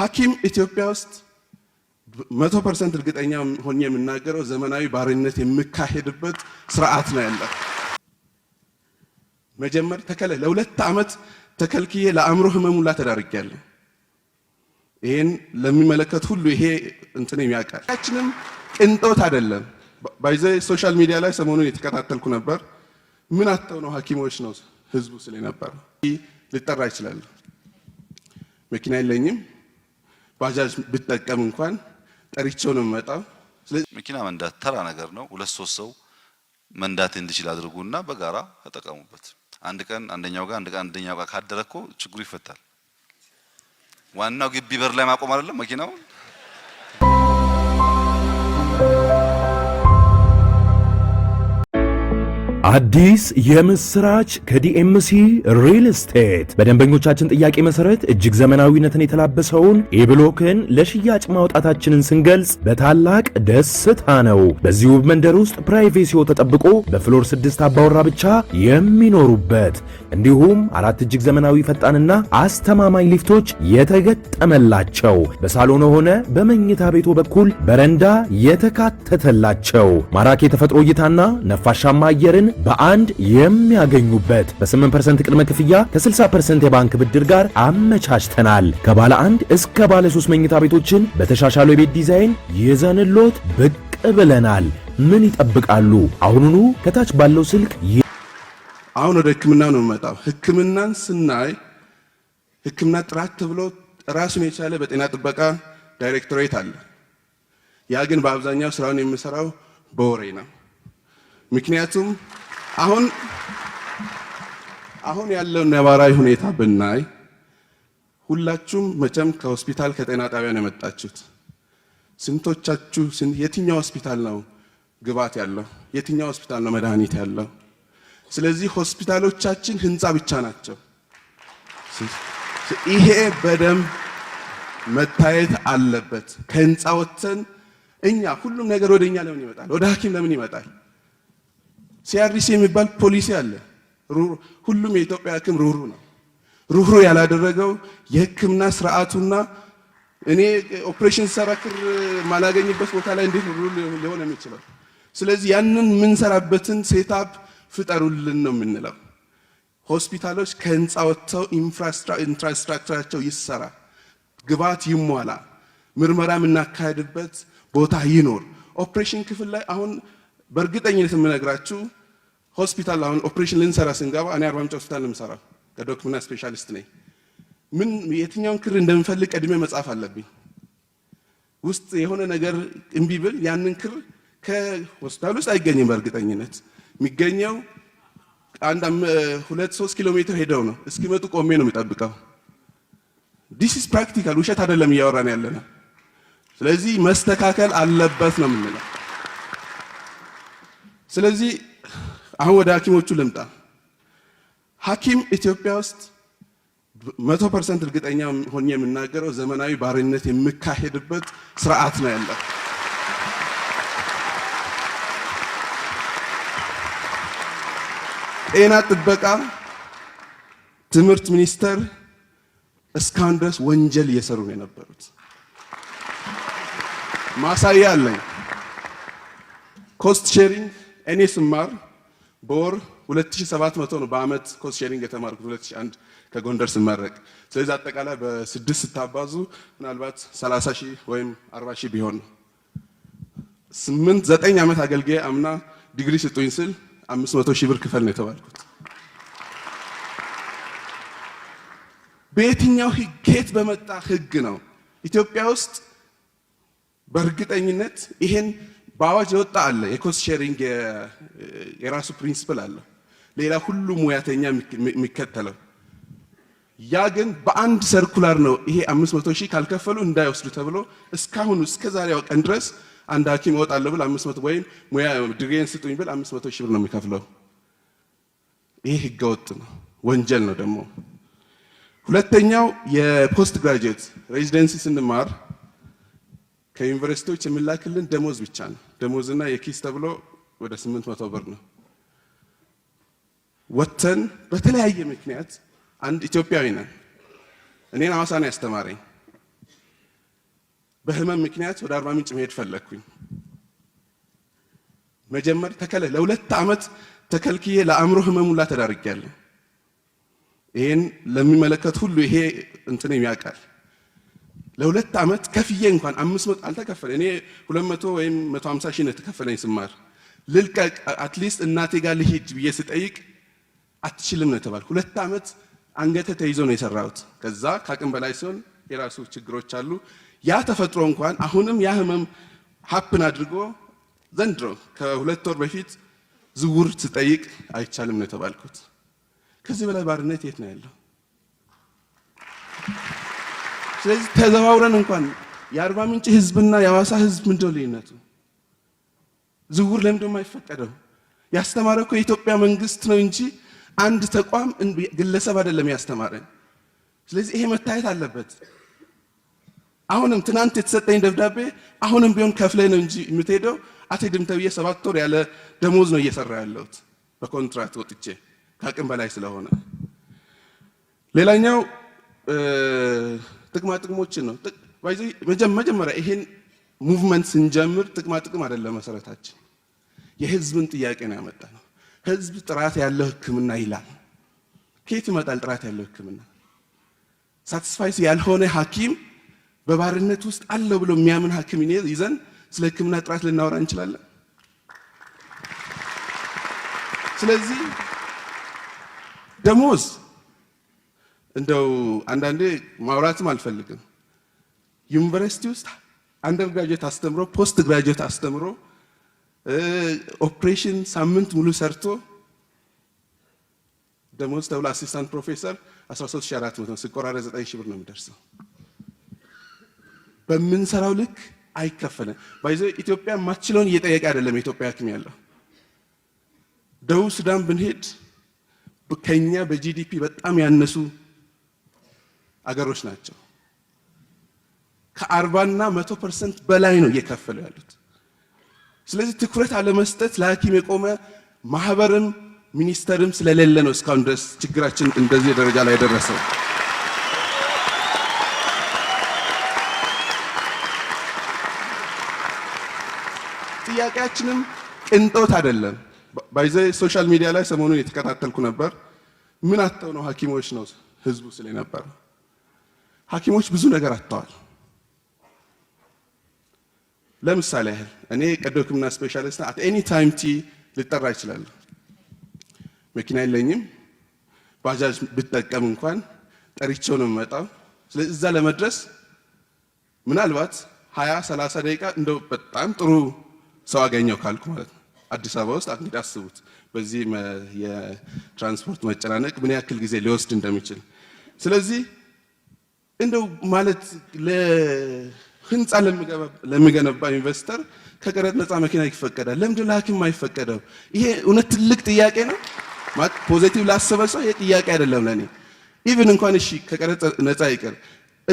ሐኪም ኢትዮጵያ ውስጥ መቶ ፐርሰንት እርግጠኛ ሆኜ የምናገረው ዘመናዊ ባርነት የሚካሄድበት ስርዓት ነው ያለው። መጀመር ተከለ ለሁለት ዓመት ተከልክዬ ለአእምሮ ህመም ሁላ ተዳርጌያለሁ። ይሄን ለሚመለከት ሁሉ ይሄ እንትን ያውቃል። ያችንም ቅንጦት አይደለም። ባይዘ ሶሻል ሚዲያ ላይ ሰሞኑን የተከታተልኩ ነበር። ምን አተው ነው ሐኪሞች ነው ህዝቡ ስለ ነበር ልጠራ ይችላል። መኪና የለኝም ባጃጅ ብጠቀም እንኳን ጠሪቸው ነው የምመጣው። መኪና መንዳት ተራ ነገር ነው። ሁለት ሶስት ሰው መንዳት እንዲችል አድርጉና በጋራ ተጠቀሙበት። አንድ ቀን አንደኛው ጋር አንድ ቀን አንደኛው ጋር ካደረኮ ችግሩ ይፈታል። ዋናው ግቢ በር ላይ ማቆም አይደለም መኪናውን አዲስ የምስራች ከዲኤምሲ ሪል ስቴት በደንበኞቻችን ጥያቄ መሰረት እጅግ ዘመናዊነትን የተላበሰውን ኤብሎክን ለሽያጭ ማውጣታችንን ስንገልጽ በታላቅ ደስታ ነው። በዚሁ መንደር ውስጥ ፕራይቬሲዎ ተጠብቆ በፍሎር ስድስት አባወራ ብቻ የሚኖሩበት እንዲሁም አራት እጅግ ዘመናዊ ፈጣንና አስተማማኝ ሊፍቶች የተገጠመላቸው በሳሎን ሆነ በመኝታ ቤቶ በኩል በረንዳ የተካተተላቸው ማራኪ የተፈጥሮ እይታና ነፋሻማ አየርን በአንድ የሚያገኙበት በ8% ቅድመ ክፍያ ከ60% የባንክ ብድር ጋር አመቻችተናል። ከባለ አንድ እስከ ባለ 3 መኝታ ቤቶችን በተሻሻለው የቤት ዲዛይን ይዘንሎት ብቅ ብለናል። ምን ይጠብቃሉ? አሁኑኑ ከታች ባለው ስልክ አሁን ወደ ህክምና ነው የምመጣው። ህክምናን ስናይ ህክምና ጥራት ተብሎ ራሱን የቻለ በጤና ጥበቃ ዳይሬክቶሬት አለ። ያ ግን በአብዛኛው ስራውን የሚሰራው በወሬ ነው። ምክንያቱም አሁን አሁን ያለው ነባራዊ ሁኔታ ብናይ ሁላችሁም መቼም ከሆስፒታል ከጤና ጣቢያ ነው የመጣችሁት። ስንቶቻችሁ የትኛው ሆስፒታል ነው ግብዓት ያለው? የትኛው ሆስፒታል ነው መድኃኒት ያለው? ስለዚህ ሆስፒታሎቻችን ህንፃ ብቻ ናቸው። ይሄ በደንብ መታየት አለበት። ከህንፃ ወጥተን እኛ ሁሉም ነገር ወደኛ ለምን ይመጣል? ወደ ሐኪም ለምን ይመጣል? ሲአርዲሲ የሚባል ፖሊሲ አለ። ሁሉም የኢትዮጵያ ሐኪም ሩህሩ ነው። ሩሩ ያላደረገው የህክምና ስርዓቱና እኔ ኦፕሬሽን ሰራ ክር ማላገኝበት ቦታ ላይ እንዴት ሩህሩህ ሊሆን የሚችለው? ስለዚህ ያንን የምንሰራበትን ሴታፕ ፍጠሩልን ነው የምንለው። ሆስፒታሎች ከህንፃ ወጥተው ኢንፍራስትራክቸራቸው ይሰራ፣ ግብዓት ይሟላ፣ ምርመራ የምናካሄድበት ቦታ ይኖር። ኦፕሬሽን ክፍል ላይ አሁን በእርግጠኝነት የምነግራችሁ ሆስፒታል አሁን ኦፕሬሽን ልንሰራ ስንገባ እኔ አርባ ምንጭ ሆስፒታል ልምሰራ ከዶክምና ስፔሻሊስት ነኝ። ምን የትኛውን ክር እንደምፈልግ ቀድሜ መጻፍ አለብኝ። ውስጥ የሆነ ነገር እምቢ ብል ያንን ክር ከሆስፒታል ውስጥ አይገኝም። በእርግጠኝነት የሚገኘው አንድ ሁለት ሶስት ኪሎ ሜትር ሄደው ነው እስኪመጡ ቆሜ ነው የሚጠብቀው። ዲስ ኢዝ ፕራክቲካል ውሸት አይደለም እያወራን ያለ ስለዚህ መስተካከል አለበት ነው የምንለው። ስለዚህ አሁን ወደ ሐኪሞቹ ልምጣ። ሐኪም ኢትዮጵያ ውስጥ መቶ ፐርሰንት እርግጠኛ ሆኜ የምናገረው ዘመናዊ ባርነት የሚካሄድበት ስርዓት ነው ያለ። ጤና ጥበቃ፣ ትምህርት ሚኒስቴር እስካሁን ድረስ ወንጀል እየሰሩ ነው የነበሩት። ማሳያ አለኝ። ኮስት ሼሪንግ እኔ ስማር በወር 2700 ነው በአመት ኮስት ሼሪንግ የተማርኩት 2001 ከጎንደር ስመረቅ። ስለዚህ አጠቃላይ በስድስት ስታባዙ ምናልባት 30 ሺህ ወይም 40 ሺህ ቢሆን ነው። ስምንት ዘጠኝ ዓመት አገልጋይ አምና ዲግሪ ስጡኝ ስል 500 ሺህ ብር ክፈል ነው የተባልኩት። በየትኛው ህግ ከየት በመጣ ህግ ነው ኢትዮጵያ ውስጥ በእርግጠኝነት ይሄን በአዋጅ የወጣ አለ። የኮስት ሼሪንግ የራሱ ፕሪንሲፕል አለው፣ ሌላ ሁሉ ሙያተኛ የሚከተለው ያ ግን በአንድ ሰርኩላር ነው። ይሄ 500 ሺህ ካልከፈሉ እንዳይወስዱ ተብሎ እስካሁን እስከ ዛሬው ቀን ድረስ አንድ ሀኪም እወጣለሁ ብል 500 ወይም ሙያ ድሬን ስጡኝ ብል 500 ሺህ ብር ነው የሚከፍለው። ይሄ ህገወጥ ነው፣ ወንጀል ነው። ደግሞ ሁለተኛው የፖስት ግራጅዌት ሬዚደንሲ ስንማር ከዩኒቨርሲቲዎች የምላክልን ደሞዝ ብቻ ነው። ደሞዝና የኪስ ተብሎ ወደ 800 መቶ ብር ነው። ወጥተን በተለያየ ምክንያት አንድ ኢትዮጵያዊ ነን። እኔን ሐዋሳ ነው ያስተማረኝ። በህመም ምክንያት ወደ አርባ ምንጭ መሄድ ፈለግኩኝ። መጀመር ተከለ ለሁለት ዓመት ተከልክዬ ለአእምሮ ህመም ሁላ ተዳርጌያለሁ። ይሄን ለሚመለከት ሁሉ ይሄ እንትን ያውቃል። ለሁለት ዓመት ከፍዬ እንኳን አምስት መቶ አልተከፈለ እኔ ሁለት መቶ ወይም መቶ ሀምሳ ሺህ ነው የተከፈለኝ ስማር ልልቀቅ አትሊስት እናቴ ጋር ልሂድ ብዬ ስጠይቅ አትችልም ነው የተባል። ሁለት ዓመት አንገተ ተይዞ ነው የሰራሁት። ከዛ ከአቅም በላይ ሲሆን የራሱ ችግሮች አሉ። ያ ተፈጥሮ እንኳን አሁንም ያ ህመም ሀፕን አድርጎ ዘንድሮ ከሁለት ወር በፊት ዝውር ስጠይቅ አይቻልም ነው የተባልኩት። ከዚህ በላይ ባርነት የት ነው ያለው? ስለዚህ ተዘዋውረን እንኳን የአርባ ምንጭ ህዝብና የሐዋሳ ህዝብ ምንድነው ልዩነቱ? ዝውውር ለምን ደግሞ አይፈቀደው? ያስተማረ እኮ የኢትዮጵያ መንግስት ነው እንጂ አንድ ተቋም ግለሰብ አይደለም ያስተማረን። ስለዚህ ይሄ መታየት አለበት። አሁንም ትናንት የተሰጠኝ ደብዳቤ አሁንም ቢሆን ከፍለህ ነው እንጂ የምትሄደው አትሄድም ተብዬ ሰባት ወር ያለ ደሞዝ ነው እየሰራ ያለሁት በኮንትራት ወጥቼ ከአቅም በላይ ስለሆነ ሌላኛው ጥቅማ ጥቅሞችን ነው። መጀመሪያ ይሄን ሙቭመንት ስንጀምር ጥቅማ ጥቅም አይደለም መሰረታችን፣ የህዝብን ጥያቄ ነው ያመጣ ነው። ህዝብ ጥራት ያለው ህክምና ይላል። ከየት ይመጣል ጥራት ያለው ህክምና? ሳትስፋይስ ያልሆነ ሀኪም በባርነት ውስጥ አለው ብሎ የሚያምን ሀኪም ይዘን ስለ ህክምና ጥራት ልናወራ እንችላለን? ስለዚህ ደሞዝ እንደው አንዳንዴ ማውራትም አልፈልግም። ዩኒቨርሲቲ ውስጥ አንደር ግራጁዌት አስተምሮ ፖስት ግራጁዌት አስተምሮ ኦፕሬሽን ሳምንት ሙሉ ሰርቶ ደሞዝ ተብሎ አሲስታንት ፕሮፌሰር 13400 ሲቆራረጥ 9000 ብር ነው የሚደርሰው። በምንሰራው ልክ አይከፈልም ባይዘ ኢትዮጵያ ማችለውን እየጠየቀ አይደለም የኢትዮጵያ ሐኪም ያለው ደቡብ ሱዳን ብንሄድ ከኛ በጂዲፒ በጣም ያነሱ አገሮች ናቸው። ከአርባና መቶ ፐርሰንት በላይ ነው እየከፈሉ ያሉት። ስለዚህ ትኩረት አለመስጠት ለሐኪም የቆመ ማህበርም ሚኒስተርም ስለሌለ ነው እስካሁን ድረስ ችግራችን እንደዚህ ደረጃ ላይ ደረሰው። ጥያቄያችንም ቅንጦት አይደለም። ባይዘ ሶሻል ሚዲያ ላይ ሰሞኑን የተከታተልኩ ነበር። ምን አተው ነው ሐኪሞች ነው ህዝቡ ስለ ሐኪሞች ብዙ ነገር አጥተዋል። ለምሳሌ ያህል እኔ ቀዶ ሕክምና ስፔሻሊስት አት ኤኒ ታይም ቲ ልጠራ ይችላለሁ። መኪና የለኝም። ባጃጅ ብጠቀም እንኳን ጠሪቸው ነው የምመጣው። ስለዚህ እዛ ለመድረስ ምናልባት ሀያ ሰላሳ ደቂቃ እንደው በጣም ጥሩ ሰው አገኘው ካልኩ ማለት ነው። አዲስ አበባ ውስጥ እንግዲህ አስቡት በዚህ የትራንስፖርት መጨናነቅ ምን ያክል ጊዜ ሊወስድ እንደሚችል ስለዚህ እንደው ማለት ለህንፃ ለሚገነባ ኢንቨስተር ከቀረጥ ነፃ መኪና ይፈቀዳል። ለምንድን ለሐኪም አይፈቀደም? ይሄ እውነት ትልቅ ጥያቄ ነው። ፖዚቲቭ ላሰበ ሰው ይሄ ጥያቄ አይደለም። ለእኔ ኢቭን እንኳን እሺ ከቀረጥ ነፃ ይቅር፣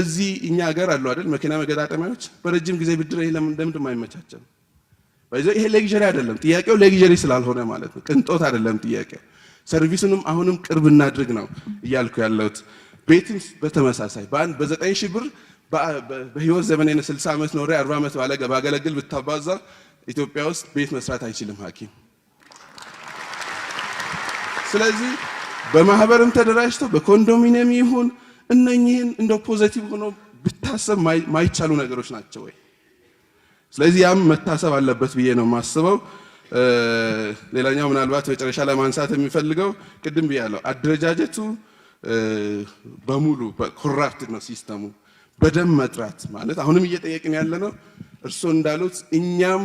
እዚህ እኛ ሀገር አሉ አይደል መኪና መገጣጠሚያዎች በረጅም ጊዜ ብድር፣ ይሄ ለምንድን አይመቻቸም? ይሄ ሌግዠሪ አይደለም ጥያቄው፣ ሌግዠሪ ስላልሆነ ማለት ነው። ቅንጦት አይደለም ጥያቄው። ሰርቪሱንም አሁንም ቅርብ እናድርግ ነው እያልኩ ያለሁት። ቤትን በተመሳሳይ በአንድ በዘጠኝ ሺህ ብር በህይወት ዘመን ነ 60 ዓመት ኖሬ 40 ዓመት ባገለግል ብታባዛ ኢትዮጵያ ውስጥ ቤት መስራት አይችልም ሐኪም። ስለዚህ በማህበርም ተደራጅተው በኮንዶሚኒየም ይሁን እነኚህን እንደ ፖዘቲቭ ሆኖ ብታሰብ ማይቻሉ ነገሮች ናቸው ወይ? ስለዚህ ያም መታሰብ አለበት ብዬ ነው የማስበው። ሌላኛው ምናልባት መጨረሻ ለማንሳት የሚፈልገው ቅድም ብያለሁ አደረጃጀቱ በሙሉ ኮራፕት ነው ሲስተሙ። በደም መጥራት ማለት አሁንም እየጠየቅን ያለ ነው። እርስዎ እንዳሉት እኛም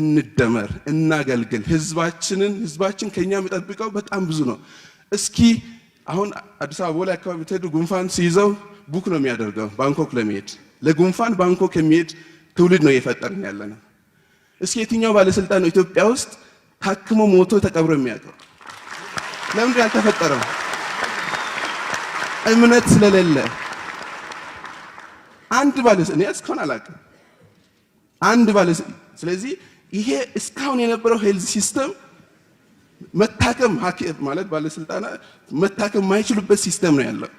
እንደመር እናገልግል። ህዝባችንን ህዝባችን ከኛ የሚጠብቀው በጣም ብዙ ነው። እስኪ አሁን አዲስ አበባ ላይ አካባቢ ተሄዱ ጉንፋን ሲይዘው ቡክ ነው የሚያደርገው ባንኮክ ለመሄድ ለጉንፋን ባንኮክ የሚሄድ ትውልድ ነው እየፈጠርን ያለ ነው። እስኪ የትኛው ባለስልጣን ነው ኢትዮጵያ ውስጥ ታክሞ ሞቶ ተቀብሮ የሚያውቀው? ለምንድ ያልተፈጠረው? እምነት ስለሌለ አንድ ባለ እኔ እስካሁን አላውቅም። አንድ ባለ ስለዚህ ይሄ እስካሁን የነበረው ሄልዝ ሲስተም መታከም ሐኪም ማለት ባለስልጣናት መታከም የማይችሉበት ሲስተም ነው ያለው።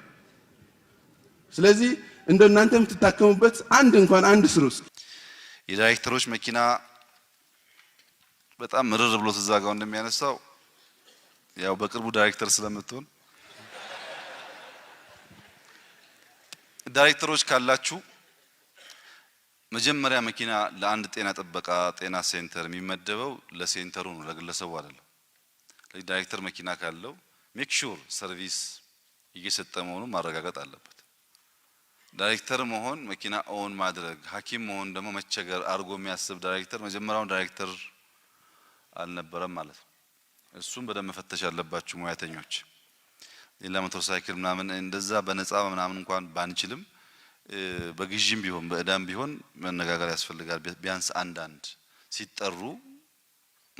ስለዚህ እንደናንተ የምትታከሙበት አንድ እንኳን አንድ ስሩ የዳይሬክተሮች መኪና በጣም ምርር ብሎ ትዛጋው እንደሚያነሳው ያው በቅርቡ ዳይሬክተር ስለምትሆን ዳይሬክተሮች ካላችሁ መጀመሪያ መኪና ለአንድ ጤና ጥበቃ ጤና ሴንተር የሚመደበው ለሴንተሩ ነው፣ ለግለሰቡ አይደለም። ዳይሬክተር መኪና ካለው ሜክ ሹር ሰርቪስ እየሰጠ መሆኑን ማረጋገጥ አለበት። ዳይሬክተር መሆን መኪና ኦን ማድረግ፣ ሐኪም መሆን ደግሞ መቸገር አድርጎ የሚያስብ ዳይሬክተር መጀመሪያውን ዳይሬክተር አልነበረም ማለት ነው። እሱም በደንብ መፈተሽ ያለባችሁ ሙያተኞች ሌላ ሞተር ሳይክል ምናምን እንደዛ በነፃ ምናምን እንኳን ባንችልም በግዥም ቢሆን በእዳም ቢሆን መነጋገር ያስፈልጋል። ቢያንስ አንዳንድ ሲጠሩ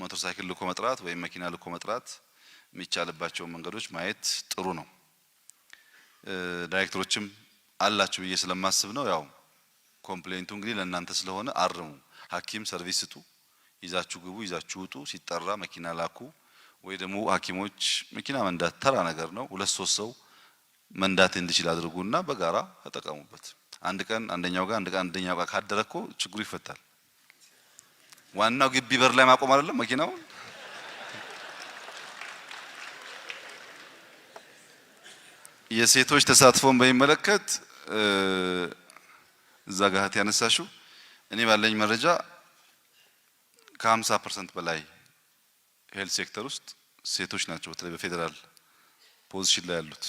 ሞተር ሳይክል ልኮ መጥራት ወይም መኪና ልኮ መጥራት የሚቻልባቸውን መንገዶች ማየት ጥሩ ነው። ዳይሬክተሮችም አላችሁ ብዬ ስለማስብ ነው። ያው ኮምፕሌንቱ እንግዲህ ለእናንተ ስለሆነ አርሙ። ሐኪም ሰርቪስ ስጡ፣ ይዛችሁ ግቡ፣ ይዛችሁ ውጡ፣ ሲጠራ መኪና ላኩ። ወይ ደግሞ ሐኪሞች መኪና መንዳት ተራ ነገር ነው፣ ሁለት ሶስት ሰው መንዳት እንዲችል አድርጉና በጋራ ተጠቀሙበት። አንድ ቀን አንደኛው ጋር አንድ ቀን አንደኛው ጋር ካደረ እኮ ችግሩ ይፈታል። ዋናው ግቢ በር ላይ ማቆም አይደለም መኪናው። የሴቶች ተሳትፎን በሚመለከት እዛ ጋት ያነሳሹ እኔ ባለኝ መረጃ ከ50 ፐርሰንት በላይ ሄልት ሴክተር ውስጥ ሴቶች ናቸው በተለይ በፌዴራል ፖዚሽን ላይ ያሉት።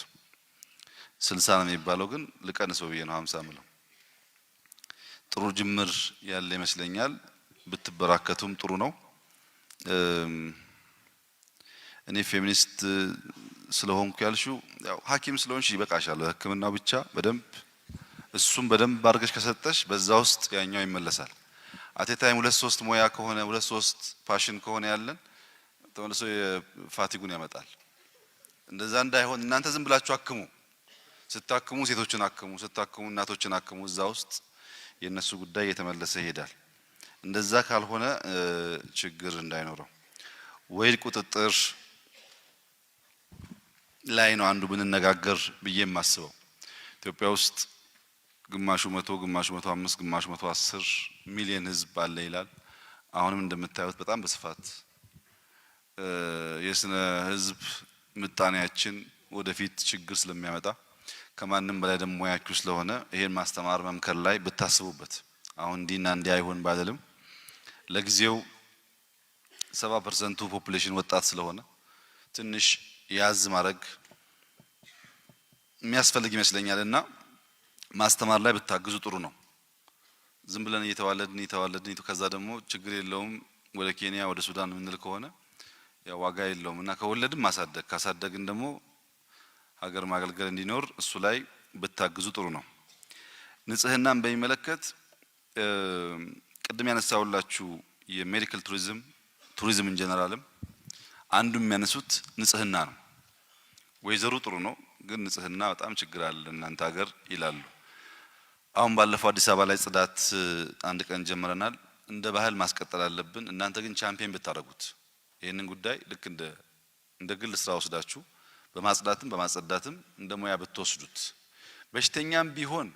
ስልሳ ነው የሚባለው ግን ልቀንሰው ብዬ ነው ሀምሳ ምለው። ጥሩ ጅምር ያለ ይመስለኛል። ብትበራከቱም ጥሩ ነው። እኔ ፌሚኒስት ስለሆንኩ ያልሹ ያው ሐኪም ስለሆንሽ ይበቃሻል። ህክምናው ብቻ በደንብ እሱም በደንብ አድርገሽ ከሰጠሽ በዛ ውስጥ ያኛው ይመለሳል። አቴታይም ሁለት ሶስት ሙያ ከሆነ ሁለት ሶስት ፋሽን ከሆነ ያለን ተመልሶ የፋቲጉን ያመጣል። እንደዛ እንዳይሆን እናንተ ዝም ብላችሁ አክሙ። ስታክሙ ሴቶችን አክሙ፣ ስታክሙ እናቶችን አክሙ። እዛ ውስጥ የእነሱ ጉዳይ እየተመለሰ ይሄዳል። እንደዛ ካልሆነ ችግር እንዳይኖረው ወይድ ቁጥጥር ላይ ነው አንዱ ብንነጋገር ብዬ የማስበው ኢትዮጵያ ውስጥ ግማሹ መቶ ግማሹ መቶ አምስት ግማሹ መቶ አስር ሚሊየን ህዝብ አለ ይላል። አሁንም እንደምታዩት በጣም በስፋት የስነ ህዝብ ምጣኔያችን ወደፊት ችግር ስለሚያመጣ ከማንም በላይ ደግሞ ሙያችሁ ስለሆነ ይሄን ማስተማር መምከር ላይ ብታስቡበት። አሁን እንዲህና እንዲህ አይሆን ባልልም ለጊዜው ሰባ ፐርሰንቱ ፖፑሌሽን ወጣት ስለሆነ ትንሽ ያዝ ማድረግ የሚያስፈልግ ይመስለኛል እና ማስተማር ላይ ብታግዙ ጥሩ ነው። ዝም ብለን እየተዋለድን እየተዋለድን ከዛ ደግሞ ችግር የለውም ወደ ኬንያ ወደ ሱዳን የምንል ከሆነ ያው ዋጋ የለውም እና ከወለድም ማሳደግ ካሳደግን ደግሞ ሀገር ማገልገል እንዲኖር እሱ ላይ ብታግዙ ጥሩ ነው። ንጽህናን በሚመለከት ቅድም ያነሳውላችሁ የሜዲካል ቱሪዝም ቱሪዝም እንጀነራልም አንዱ የሚያነሱት ንጽህና ነው። ወይዘሩ ጥሩ ነው ግን ንጽህና በጣም ችግር አለ እናንተ ሀገር ይላሉ። አሁን ባለፈው አዲስ አበባ ላይ ጽዳት አንድ ቀን ጀምረናል። እንደ ባህል ማስቀጠል አለብን። እናንተ ግን ቻምፒየን ብታደርጉት ይህንን ጉዳይ ልክ እንደ እንደ ግል ስራ ወስዳችሁ በማጽዳትም በማጸዳትም እንደ ሙያ ብትወስዱት በሽተኛም ቢሆን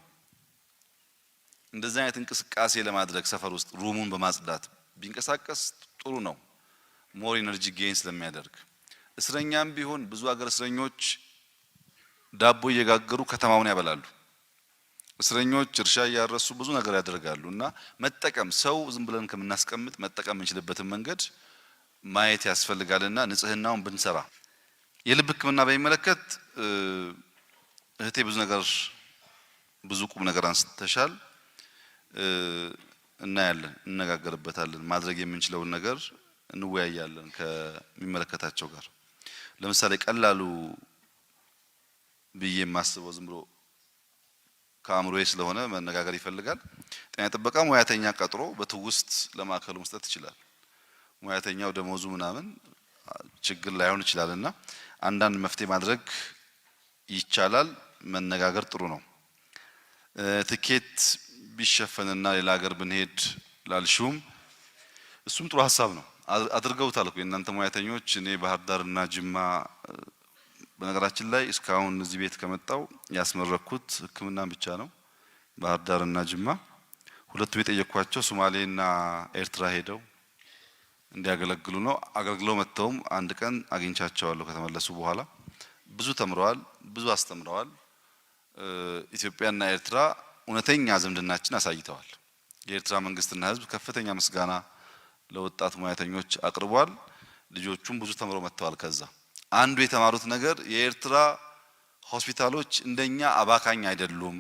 እንደዚህ አይነት እንቅስቃሴ ለማድረግ ሰፈር ውስጥ ሩሙን በማጽዳት ቢንቀሳቀስ ጥሩ ነው። ሞር ኢነርጂ ጌን ስለሚያደርግ እስረኛም ቢሆን ብዙ ሀገር እስረኞች ዳቦ እየጋገሩ ከተማውን ያበላሉ። እስረኞች እርሻ እያረሱ ብዙ ነገር ያደርጋሉ እና መጠቀም ሰው ዝም ብለን ከምናስቀምጥ መጠቀም እንችልበትን መንገድ ማየት ያስፈልጋልና ንጽህናውን ብንሰራ። የልብ ሕክምና በሚመለከት እህቴ ብዙ ነገር ብዙ ቁም ነገር አንስተሻል። እናያለን፣ እነጋገርበታለን ማድረግ የምንችለውን ነገር እንወያያለን ከሚመለከታቸው ጋር። ለምሳሌ ቀላሉ ብዬ የማስበው ዝም ብሎ ከአእምሮ ስለሆነ መነጋገር ይፈልጋል። ጤና ጥበቃ ሙያተኛ ቀጥሮ በትውስት ለማዕከሉ መስጠት ይችላል። ሙያተኛው ደሞዙ ምናምን ችግር ላይሆን ይችላል እና አንዳንድ መፍትሄ ማድረግ ይቻላል። መነጋገር ጥሩ ነው። ትኬት ቢሸፈንና ሌላ ሀገር ብንሄድ ላልሹም እሱም ጥሩ ሀሳብ ነው። አድርገውታል እኮ የእናንተ ሙያተኞች። እኔ ባህር ዳርና ጅማ በነገራችን ላይ እስካሁን እዚህ ቤት ከመጣው ያስመረኩት ሕክምናን ብቻ ነው። ባህር ዳርና ጅማ ሁለቱም የጠየኳቸው ሶማሌና ኤርትራ ሄደው እንዲያገለግሉ ነው። አገልግሎ መጥተውም አንድ ቀን አግኝቻቸዋለሁ። ከተመለሱ በኋላ ብዙ ተምረዋል፣ ብዙ አስተምረዋል። ኢትዮጵያና ኤርትራ እውነተኛ ዝምድናችን አሳይተዋል። የኤርትራ መንግስትና ሕዝብ ከፍተኛ ምስጋና ለወጣት ሙያተኞች አቅርቧል። ልጆቹም ብዙ ተምረው መጥተዋል። ከዛ አንዱ የተማሩት ነገር የኤርትራ ሆስፒታሎች እንደኛ አባካኝ አይደሉም።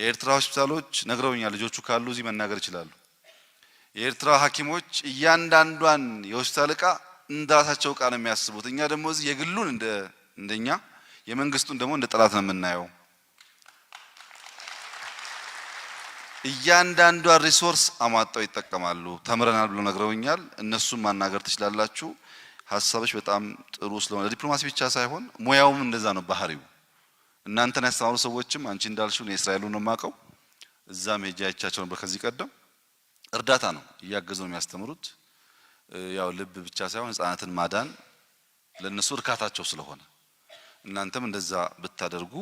የኤርትራ ሆስፒታሎች ነግረውኛል። ልጆቹ ካሉ እዚህ መናገር ይችላሉ። የኤርትራ ሐኪሞች እያንዳንዷን የሆስፒታል እቃ እንደራሳቸው እቃ ነው የሚያስቡት። እኛ ደግሞ እዚህ የግሉን እንደ እንደኛ የመንግስቱን ደግሞ እንደ ጠላት ነው የምናየው። እያንዳንዷን ሪሶርስ አማጣው ይጠቀማሉ። ተምረናል ብሎ ነግረውኛል። እነሱም ማናገር ትችላላችሁ። ሀሳቦች በጣም ጥሩ ስለሆነ ለዲፕሎማሲ ብቻ ሳይሆን ሙያውም እንደዛ ነው ባህሪው። እናንተን ያስተማሩ ሰዎችም አንቺ እንዳልሽው እኔ እስራኤሉን ነው የማውቀው። እዛም ሄጄ አይቻቸው ነበር ከዚህ ቀደም እርዳታ ነው እያገዙ ነው የሚያስተምሩት። ያው ልብ ብቻ ሳይሆን ህጻናትን ማዳን ለነሱ እርካታቸው ስለሆነ እናንተም እንደዛ ብታደርጉ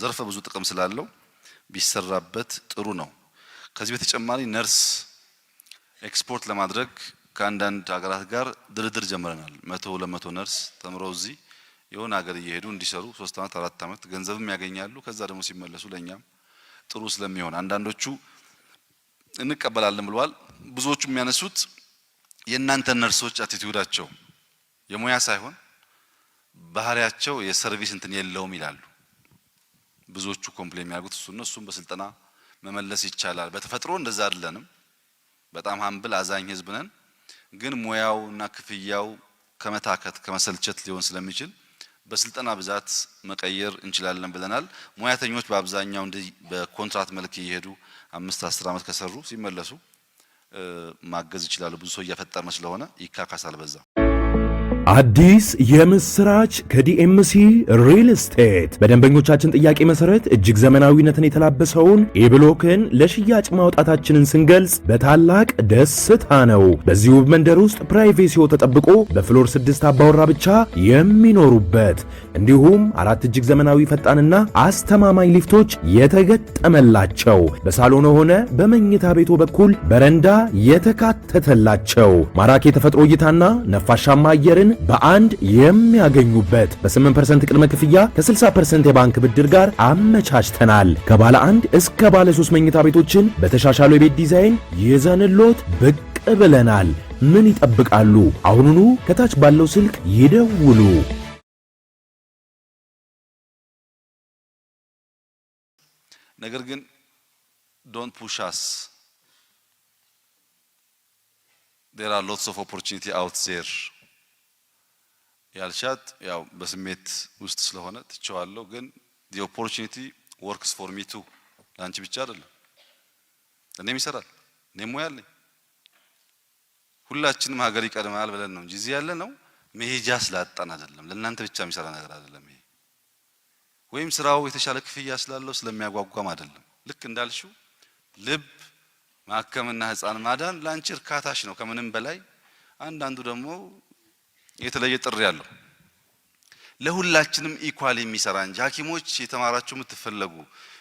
ዘርፈ ብዙ ጥቅም ስላለው ቢሰራበት ጥሩ ነው። ከዚህ በተጨማሪ ነርስ ኤክስፖርት ለማድረግ ከአንዳንድ ሀገራት ጋር ድርድር ጀምረናል። መቶ ለመቶ ነርስ ተምረው እዚህ የሆነ ሀገር እየሄዱ እንዲሰሩ ሶስት አመት አራት አመት ገንዘብም ያገኛሉ። ከዛ ደግሞ ሲመለሱ ለእኛም ጥሩ ስለሚሆን አንዳንዶቹ እንቀበላለን ብለዋል። ብዙዎቹ የሚያነሱት የእናንተ ነርሶች አቲቲዩዳቸው የሙያ ሳይሆን ባህሪያቸው የሰርቪስ እንትን የለውም ይላሉ። ብዙዎቹ ኮምፕሌን የሚያደርጉት እሱ ነው። እሱም በስልጠና መመለስ ይቻላል። በተፈጥሮ እንደዛ አይደለንም። በጣም ሀምብል አዛኝ ህዝብ ነን። ግን እና ክፍያው ከመታከት ከመሰልቸት ሊሆን ስለሚችል በስልጠና ብዛት መቀየር እንችላለን ብለናል። ሙያተኞች በአብዛኛው እንዲህ በኮንትራት መልክ እየሄዱ አምስት አስር ዓመት ከሰሩ ሲመለሱ ማገዝ ይችላሉ። ብዙ ሰው እያፈጠነ ስለሆነ ይካካሳል በዛ አዲስ የምስራች ከዲኤምሲ ሪል ስቴት በደንበኞቻችን ጥያቄ መሰረት እጅግ ዘመናዊነትን የተላበሰውን ኤብሎክን ለሽያጭ ማውጣታችንን ስንገልጽ በታላቅ ደስታ ነው። በዚሁ መንደር ውስጥ ፕራይቬሲዎ ተጠብቆ በፍሎር ስድስት አባወራ ብቻ የሚኖሩበት እንዲሁም አራት እጅግ ዘመናዊ ፈጣንና አስተማማኝ ሊፍቶች የተገጠመላቸው በሳሎን ሆነ በመኝታ ቤቶ በኩል በረንዳ የተካተተላቸው ማራኪ የተፈጥሮ እይታና ነፋሻማ አየርን በአንድ የሚያገኙበት በ8% ቅድመ ክፍያ ከ60% የባንክ ብድር ጋር አመቻችተናል። ከባለ አንድ እስከ ባለ 3 መኝታ ቤቶችን በተሻሻለው የቤት ዲዛይን ይዘንሎት ብቅ ብለናል። ምን ይጠብቃሉ? አሁኑኑ ከታች ባለው ስልክ ይደውሉ። ነገር ግን ዶንት ፑሽ አስ ዜር አር ሎትስ ኦፍ ኦፖርቹኒቲ አውት ዜር ያልሻት ያው በስሜት ውስጥ ስለሆነ ትቸዋለሁ። ግን ዲ ኦፖርቹኒቲ ወርክስ ፎር ሚ ቱ ለአንቺ ብቻ አይደለም፣ እኔም ይሰራል፣ እኔም ሙያ አለኝ። ሁላችንም ሀገር ይቀድማል ብለን ነው እንጂ እዚህ ያለ ነው መሄጃ ስላጣን አይደለም። ለእናንተ ብቻ የሚሰራ ነገር አይደለም ይሄ። ወይም ስራው የተሻለ ክፍያ ስላለው ስለሚያጓጓም አይደለም። ልክ እንዳልሽው ልብ ማከምና ህፃን ማዳን ለአንቺ እርካታሽ ነው ከምንም በላይ አንዳንዱ ደግሞ የተለየ ጥሪ አለው ለሁላችንም ኢኳል የሚሰራ እንጂ ሐኪሞች የተማራችሁ የምትፈለጉ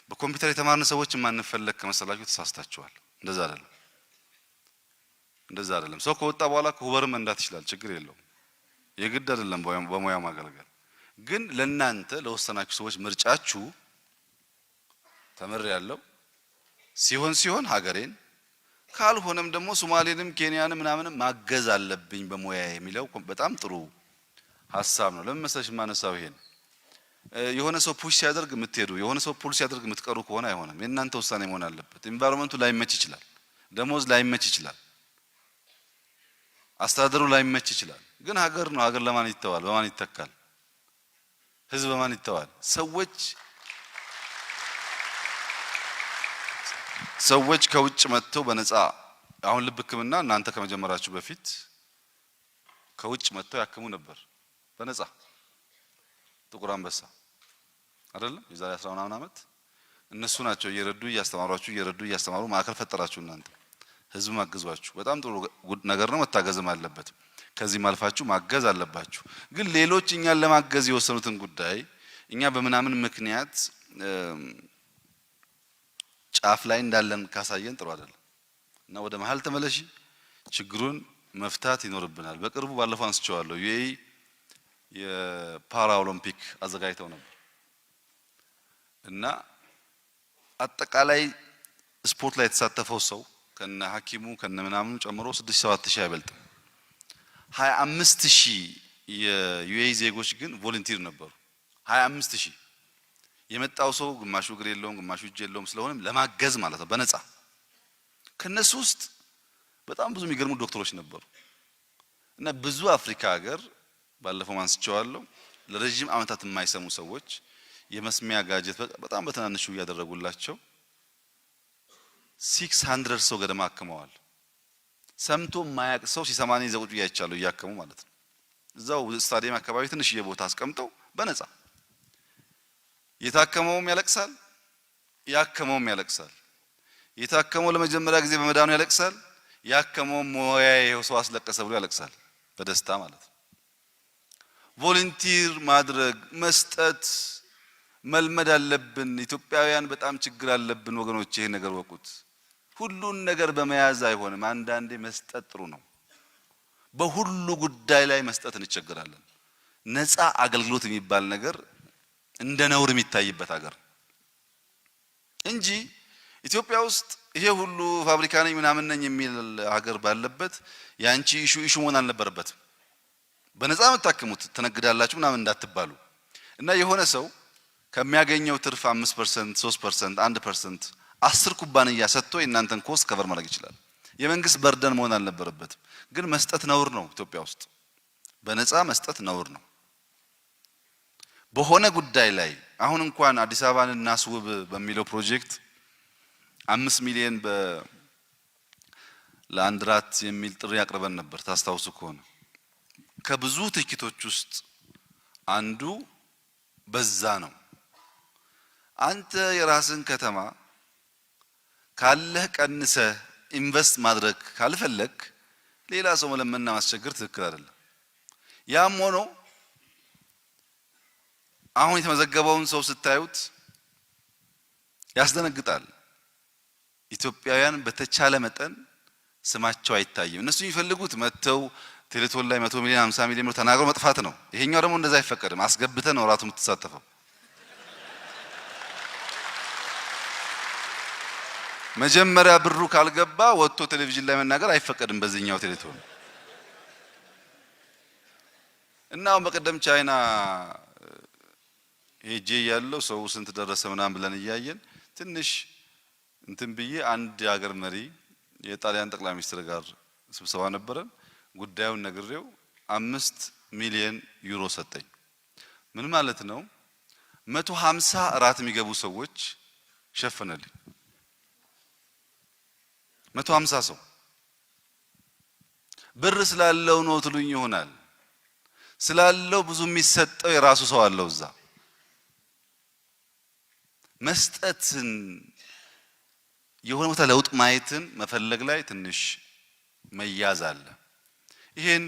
በኮምፒውተር የተማርን ሰዎች የማንፈለግ ከመሰላችሁ ተሳስታችኋል። እንደዛ አይደለም፣ እንደዛ አይደለም። ሰው ከወጣ በኋላ ሁበር መንዳት ይችላል፣ ችግር የለውም። የግድ አይደለም በሙያ ማገልገል። ግን ለእናንተ ለወሰናችሁ ሰዎች ምርጫችሁ ተምር ያለው ሲሆን ሲሆን ሀገሬን ካልሆነም ደግሞ ሶማሌንም ኬንያንም ምናምንም ማገዝ አለብኝ በሙያ የሚለው በጣም ጥሩ ሀሳብ ነው። ለምን መሰለሽ የማነሳው ይሄን የሆነ ሰው ፑሽ ሲያደርግ የምትሄዱ የሆነ ሰው ፑል ሲያደርግ የምትቀሩ ከሆነ አይሆንም። የእናንተ ውሳኔ መሆን አለበት። ኢንቫይሮንመንቱ ላይመች ይችላል፣ ደሞዝ ላይመች ይችላል፣ አስተዳደሩ ላይመች ይችላል። ግን ሀገር ነው። ሀገር ለማን ይተዋል? በማን ይተካል? ህዝብ በማን ይተዋል? ሰዎች ሰዎች ከውጭ መጥተው በነፃ አሁን ልብ ህክምና እናንተ ከመጀመራችሁ በፊት ከውጭ መጥተው ያክሙ ነበር በነፃ ጥቁር አንበሳ አይደለም የዛሬ 10 ምናምን ዓመት እነሱ ናቸው እየረዱ እያስተማሯችሁ እየረዱ እያስተማሩ ማዕከል ፈጠራችሁ። እናንተ ህዝብ ማግዟችሁ በጣም ጥሩ ነገር ነው። መታገዝም አለበት። ከዚህም አልፋችሁ ማገዝ አለባችሁ። ግን ሌሎች እኛን ለማገዝ የወሰኑትን ጉዳይ እኛ በምናምን ምክንያት ጫፍ ላይ እንዳለን ካሳየን ጥሩ አይደለም እና ወደ መሀል ተመለሺ፣ ችግሩን መፍታት ይኖርብናል። በቅርቡ ባለፈው አንስቼዋለሁ። ዩኤኢ የፓራ ኦሎምፒክ አዘጋጅተው ነበር እና አጠቃላይ ስፖርት ላይ የተሳተፈው ሰው ከነ ሐኪሙ ከነ ምናምኑ ጨምሮ 7ሺህ አይበልጥም። ሺህ የዩኤኢ ዜጎች ግን ቮለንቲር ነበሩ ሺህ የመጣው ሰው ግማሹ እግር የለውም፣ ግማሹ እጅ የለውም። ስለሆነም ለማገዝ ማለት ነው በነፃ ከነሱ ውስጥ በጣም ብዙ የሚገርሙ ዶክተሮች ነበሩ እና ብዙ አፍሪካ ሀገር ባለፈው ማንስቸዋለሁ ለረዥም ዓመታት የማይሰሙ ሰዎች የመስሚያ ጋጀት በጣም በትናንሹ እያደረጉላቸው ሲክስ ሀንድረድ ሰው ገደማ አክመዋል። ሰምቶ ማያቅ ሰው ሲሰማኔ ዘቁጭ እያይቻለሁ እያከሙ ማለት ነው። እዛው ስታዲየም አካባቢ ትንሽዬ ቦታ አስቀምጠው በነፃ የታከመውም ያለቅሳል፣ ያከመውም ያለቅሳል። የታከመው ለመጀመሪያ ጊዜ በመዳኑ ያለቅሳል፣ ያከመውም ሞያዬ ሰው አስለቀሰ ብሎ ያለቅሳል በደስታ ማለት ነው። ቮለንቲር ማድረግ መስጠት መልመድ አለብን። ኢትዮጵያውያን በጣም ችግር አለብን ወገኖች፣ ይሄ ነገር ወቁት። ሁሉን ነገር በመያዝ አይሆንም። አንዳንዴ መስጠት ጥሩ ነው። በሁሉ ጉዳይ ላይ መስጠት እንቸገራለን። ነፃ አገልግሎት የሚባል ነገር እንደ ነውር የሚታይበት ሀገር እንጂ ኢትዮጵያ ውስጥ ይሄ ሁሉ ፋብሪካ ነኝ ምናምን ነኝ የሚል ሀገር ባለበት የአንቺ ኢሹ ኢሹ መሆን አልነበረበትም። በነፃ የምታክሙት ትነግዳላችሁ ምናምን እንዳትባሉ እና የሆነ ሰው ከሚያገኘው ትርፍ አምስት ፐርሰንት ሶስት ፐርሰንት አንድ ፐርሰንት አስር ኩባንያ ሰጥቶ የእናንተን ኮስት ከቨር ማድረግ ይችላል። የመንግስት በርደን መሆን አልነበረበትም። ግን መስጠት ነውር ነው። ኢትዮጵያ ውስጥ በነፃ መስጠት ነውር ነው። በሆነ ጉዳይ ላይ አሁን እንኳን አዲስ አበባን እናስውብ በሚለው ፕሮጀክት አምስት ሚሊዮን ለአንድ ራት የሚል ጥሪ አቅርበን ነበር። ታስታውሱ ከሆነ ከብዙ ትኪቶች ውስጥ አንዱ በዛ ነው። አንተ የራስን ከተማ ካለህ ቀንሰህ ኢንቨስት ማድረግ ካልፈለግ ሌላ ሰው መለመንና ማስቸገር ትክክል አይደለም። ያም ሆኖ አሁን የተመዘገበውን ሰው ስታዩት ያስደነግጣል። ኢትዮጵያውያን በተቻለ መጠን ስማቸው አይታይም። እነሱ የሚፈልጉት መጥተው ቴሌቶን ላይ መቶ ሚሊዮን ሃምሳ ሚሊዮን ብር ተናግሮ መጥፋት ነው። ይሄኛው ደግሞ እንደዛ አይፈቀድም። አስገብተን ነው ራቱ የምትሳተፈው። መጀመሪያ ብሩ ካልገባ ወጥቶ ቴሌቪዥን ላይ መናገር አይፈቀድም በዚህኛው ቴሌቶን እና አሁን በቀደም ቻይና ሄጄ ያለው ሰው ስንት ደረሰ ምናምን ብለን እያየን ትንሽ እንትን ብዬ አንድ የሀገር መሪ የጣሊያን ጠቅላይ ሚኒስትር ጋር ስብሰባ ነበረን። ጉዳዩን ነግሬው አምስት ሚሊየን ዩሮ ሰጠኝ። ምን ማለት ነው? መቶ ሀምሳ እራት የሚገቡ ሰዎች ሸፈነልኝ። መቶ ሀምሳ ሰው ብር ስላለው ነው ትሉኝ ይሆናል። ስላለው ብዙ የሚሰጠው የራሱ ሰው አለው እዛ መስጠትን የሆነ ቦታ ለውጥ ማየትን መፈለግ ላይ ትንሽ መያዝ አለ። ይሄን